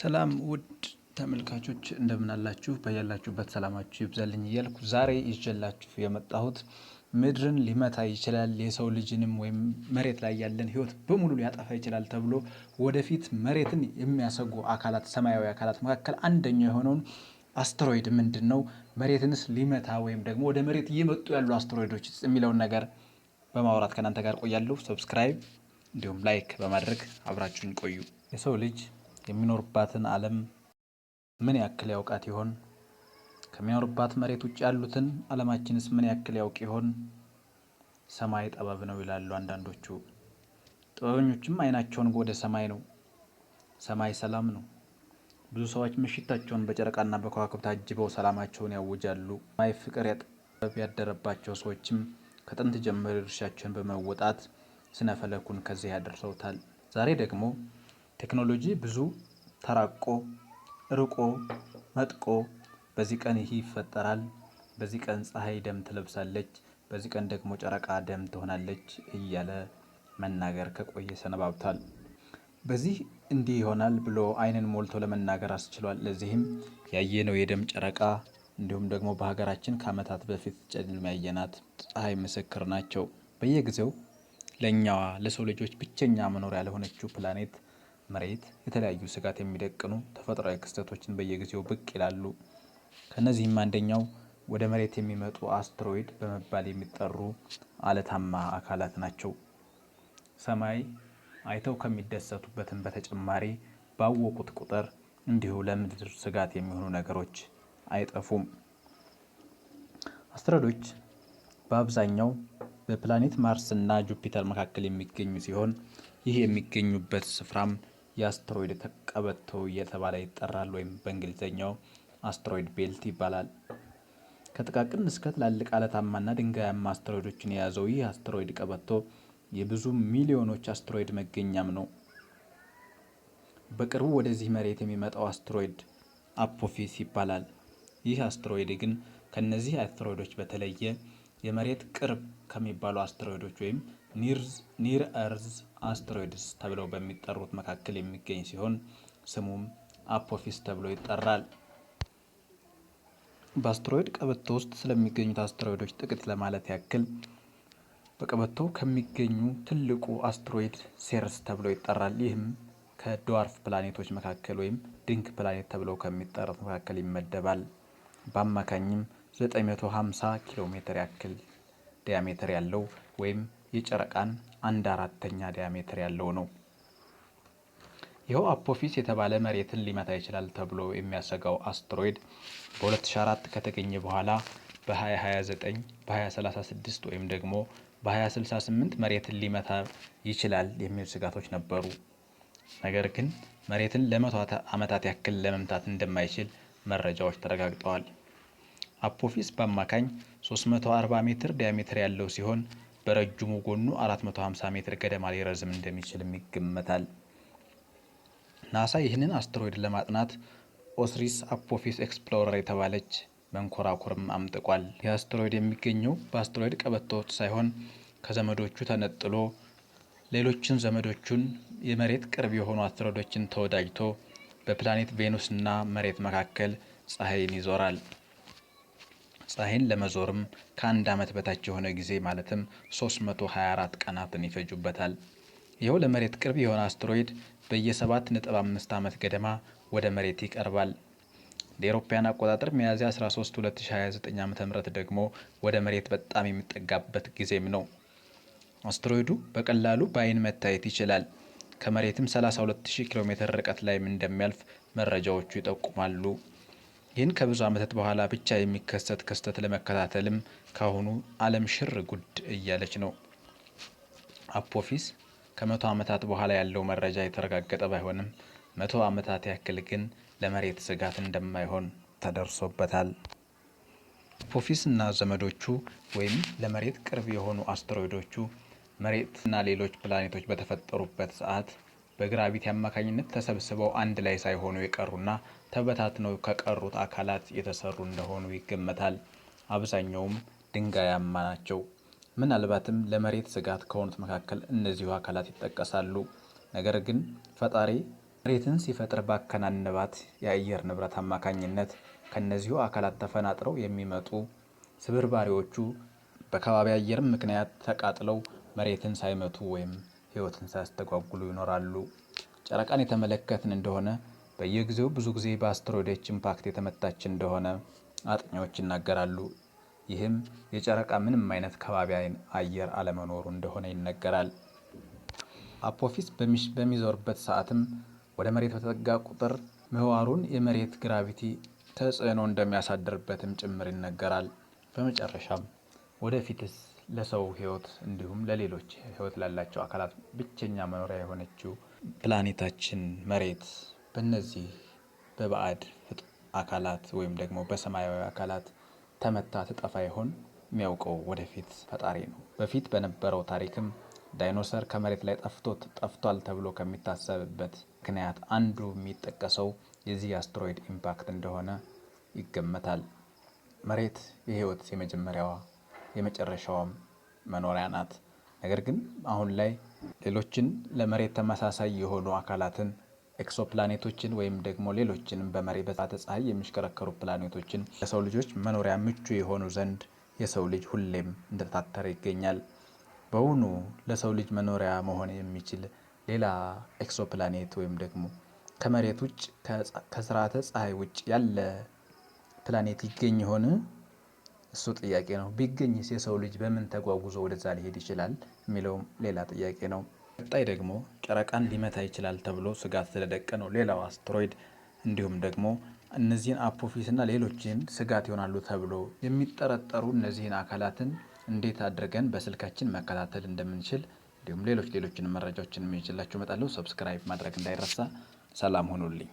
ሰላም ውድ ተመልካቾች እንደምን አላችሁ? በያላችሁበት ሰላማችሁ ይብዛልኝ እያልኩ ዛሬ ይዤላችሁ የመጣሁት ምድርን ሊመታ ይችላል፣ የሰው ልጅንም ወይም መሬት ላይ ያለን ሕይወት በሙሉ ሊያጠፋ ይችላል ተብሎ ወደፊት መሬትን የሚያሰጉ አካላት ሰማያዊ አካላት መካከል አንደኛው የሆነውን አስትሮይድ ምንድን ነው፣ መሬትንስ ሊመታ ወይም ደግሞ ወደ መሬት እየመጡ ያሉ አስትሮይዶች የሚለውን ነገር በማውራት ከእናንተ ጋር ቆያለሁ። ሰብስክራይብ እንዲሁም ላይክ በማድረግ አብራችሁን ቆዩ። የሰው ልጅ የሚኖርባትን ዓለም ምን ያክል ያውቃት ይሆን? ከሚኖርባት መሬት ውጭ ያሉትን ዓለማችንስ ምን ያክል ያውቅ ይሆን? ሰማይ ጠበብ ነው ይላሉ አንዳንዶቹ። ጥበበኞችም አይናቸውን ወደ ሰማይ ነው። ሰማይ ሰላም ነው። ብዙ ሰዎች ምሽታቸውን በጨረቃና በከዋክብት አጅበው ሰላማቸውን ያውጃሉ። ሰማይ ፍቅር ያጠበብ ያደረባቸው ሰዎችም ከጥንት ጀምሮ ድርሻቸውን በመወጣት ስነፈለኩን ከዚህ ያደርሰውታል። ዛሬ ደግሞ ቴክኖሎጂ ብዙ ተራቆ ርቆ መጥቆ በዚህ ቀን ይህ ይፈጠራል፣ በዚህ ቀን ፀሐይ ደም ትለብሳለች፣ በዚህ ቀን ደግሞ ጨረቃ ደም ትሆናለች እያለ መናገር ከቆየ ሰነባብቷል። በዚህ እንዲህ ይሆናል ብሎ አይንን ሞልቶ ለመናገር አስችሏል። ለዚህም ያየነው የደም ጨረቃ እንዲሁም ደግሞ በሀገራችን ከዓመታት በፊት ጨልማ ያየናት ፀሐይ ምስክር ናቸው። በየጊዜው ለእኛዋ ለሰው ልጆች ብቸኛ መኖሪያ ለሆነችው ፕላኔት መሬት የተለያዩ ስጋት የሚደቅኑ ተፈጥሯዊ ክስተቶችን በየጊዜው ብቅ ይላሉ። ከእነዚህም አንደኛው ወደ መሬት የሚመጡ አስትሮይድ በመባል የሚጠሩ አለታማ አካላት ናቸው። ሰማይ አይተው ከሚደሰቱበትም በተጨማሪ ባወቁት ቁጥር እንዲሁ ለምድር ስጋት የሚሆኑ ነገሮች አይጠፉም። አስትሮይዶች በአብዛኛው በፕላኔት ማርስ እና ጁፒተር መካከል የሚገኙ ሲሆን ይህ የሚገኙበት ስፍራም የአስትሮይድ ቀበቶ እየተባለ ይጠራል ወይም በእንግሊዝኛው አስትሮይድ ቤልት ይባላል። ከጥቃቅን እስከ ትላልቅ አለታማና ድንጋያማ አስትሮይዶችን የያዘው ይህ አስትሮይድ ቀበቶ የብዙ ሚሊዮኖች አስትሮይድ መገኛም ነው። በቅርቡ ወደዚህ መሬት የሚመጣው አስትሮይድ አፖፊስ ይባላል። ይህ አስትሮይድ ግን ከእነዚህ አስትሮይዶች በተለየ የመሬት ቅርብ ከሚባሉ አስትሮይዶች ወይም ኒር እርዝ አስትሮይድስ ተብለው በሚጠሩት መካከል የሚገኝ ሲሆን ስሙም አፖፊስ ተብሎ ይጠራል። በአስትሮይድ ቀበቶ ውስጥ ስለሚገኙት አስትሮይዶች ጥቂት ለማለት ያክል በቀበቶ ከሚገኙ ትልቁ አስትሮይድ ሴርስ ተብሎ ይጠራል። ይህም ከድዋርፍ ፕላኔቶች መካከል ወይም ድንክ ፕላኔት ተብለው ከሚጠሩት መካከል ይመደባል። በአማካኝም 950 ኪሎ ሜትር ያክል ዲያሜትር ያለው ወይም የጨረቃን አንድ አራተኛ ዲያሜትር ያለው ነው። ይኸው አፖፊስ የተባለ መሬትን ሊመታ ይችላል ተብሎ የሚያሰጋው አስትሮይድ በ2004 ከተገኘ በኋላ በ2029 በ2036 ወይም ደግሞ በ2068 መሬትን ሊመታ ይችላል የሚል ስጋቶች ነበሩ። ነገር ግን መሬትን ለመቶ ዓመታት ያክል ለመምታት እንደማይችል መረጃዎች ተረጋግጠዋል። አፖፊስ በአማካኝ 340 ሜትር ዲያሜትር ያለው ሲሆን በረጅሙ ጎኑ 450 ሜትር ገደማ ሊረዝም እንደሚችል ይገመታል። ናሳ ይህንን አስትሮይድ ለማጥናት ኦስሪስ አፖፊስ ኤክስፕሎረር የተባለች መንኮራኩርም አምጥቋል። ይህ አስትሮይድ የሚገኘው በአስትሮይድ ቀበቶዎች ሳይሆን ከዘመዶቹ ተነጥሎ ሌሎችን ዘመዶቹን የመሬት ቅርብ የሆኑ አስትሮይዶችን ተወዳጅቶ በፕላኔት ቬኑስና መሬት መካከል ፀሐይን ይዞራል። ፀሐይን ለመዞርም ከአንድ ዓመት በታች የሆነ ጊዜ ማለትም 324 ቀናትን ይፈጁበታል። ይኸው ለመሬት ቅርብ የሆነ አስትሮይድ በየ7.5 ዓመት ገደማ ወደ መሬት ይቀርባል። እንደ አቆጣጠር ሚያዝያ 13 2029 ዓ ም ደግሞ ወደ መሬት በጣም የሚጠጋበት ጊዜም ነው። አስትሮይዱ በቀላሉ በአይን መታየት ይችላል። ከመሬትም 32000 ኪሎ ሜትር ርቀት ላይም እንደሚያልፍ መረጃዎቹ ይጠቁማሉ። ይህን ከብዙ ዓመታት በኋላ ብቻ የሚከሰት ክስተት ለመከታተልም ካሁኑ ዓለም ሽር ጉድ እያለች ነው። አፖፊስ ከመቶ ዓመታት በኋላ ያለው መረጃ የተረጋገጠ ባይሆንም መቶ ዓመታት ያክል ግን ለመሬት ስጋት እንደማይሆን ተደርሶበታል። አፖፊስ እና ዘመዶቹ ወይም ለመሬት ቅርብ የሆኑ አስትሮይዶቹ መሬት እና ሌሎች ፕላኔቶች በተፈጠሩበት ሰዓት በግራቪቲ አማካኝነት ተሰብስበው አንድ ላይ ሳይሆኑ የቀሩና ተበታትነው ከቀሩት አካላት የተሰሩ እንደሆኑ ይገመታል። አብዛኛውም ድንጋያማ ናቸው። ምናልባትም ለመሬት ስጋት ከሆኑት መካከል እነዚሁ አካላት ይጠቀሳሉ። ነገር ግን ፈጣሪ መሬትን ሲፈጥር ባከናንባት የአየር ንብረት አማካኝነት ከእነዚሁ አካላት ተፈናጥረው የሚመጡ ስብርባሪዎቹ በከባቢ አየርም ምክንያት ተቃጥለው መሬትን ሳይመቱ ወይም ህይወትን ሳያስተጓጉሉ ይኖራሉ። ጨረቃን የተመለከትን እንደሆነ በየጊዜው ብዙ ጊዜ በአስትሮይዶች ኢምፓክት የተመታች እንደሆነ አጥኚዎች ይናገራሉ። ይህም የጨረቃ ምንም አይነት ከባቢ አየር አለመኖሩ እንደሆነ ይነገራል። አፖፊስ በሚዞርበት ሰዓትም ወደ መሬት በተጠጋ ቁጥር ምህዋሩን የመሬት ግራቪቲ ተጽዕኖ እንደሚያሳድርበትም ጭምር ይነገራል። በመጨረሻም ወደፊትስ ለሰው ህይወት እንዲሁም ለሌሎች ህይወት ላላቸው አካላት ብቸኛ መኖሪያ የሆነችው ፕላኔታችን መሬት በነዚህ በባዕድ አካላት ወይም ደግሞ በሰማያዊ አካላት ተመታ ትጠፋ ይሆን? የሚያውቀው ወደፊት ፈጣሪ ነው። በፊት በነበረው ታሪክም ዳይኖሰር ከመሬት ላይ ጠፍቶት ጠፍቷል ተብሎ ከሚታሰብበት ምክንያት አንዱ የሚጠቀሰው የዚህ አስትሮይድ ኢምፓክት እንደሆነ ይገመታል። መሬት የህይወት የመጀመሪያዋ የመጨረሻውም መኖሪያ ናት። ነገር ግን አሁን ላይ ሌሎችን ለመሬት ተመሳሳይ የሆኑ አካላትን ኤክሶፕላኔቶችን ወይም ደግሞ ሌሎችንም በመሬት በዛተ ፀሐይ የሚሽከረከሩ ፕላኔቶችን ለሰው ልጆች መኖሪያ ምቹ የሆኑ ዘንድ የሰው ልጅ ሁሌም እንደተታተረ ይገኛል። በውኑ ለሰው ልጅ መኖሪያ መሆን የሚችል ሌላ ኤክሶፕላኔት ወይም ደግሞ ከመሬት ውጭ ከስርዓተ ፀሐይ ውጭ ያለ ፕላኔት ይገኝ ይሆን? እሱ ጥያቄ ነው። ቢገኝስ የሰው ልጅ በምን ተጓጉዞ ወደዛ ሊሄድ ይችላል የሚለውም ሌላ ጥያቄ ነው። ቀጣይ ደግሞ ጨረቃን ሊመታ ይችላል ተብሎ ስጋት ስለደቀነው ሌላው አስትሮይድ እንዲሁም ደግሞ እነዚህን አፖፊስ እና ሌሎችን ስጋት ይሆናሉ ተብሎ የሚጠረጠሩ እነዚህን አካላትን እንዴት አድርገን በስልካችን መከታተል እንደምንችል እንዲሁም ሌሎች ሌሎችን መረጃዎችን የሚችላቸው መጣለው። ሰብስክራይብ ማድረግ እንዳይረሳ። ሰላም ሁኑልኝ።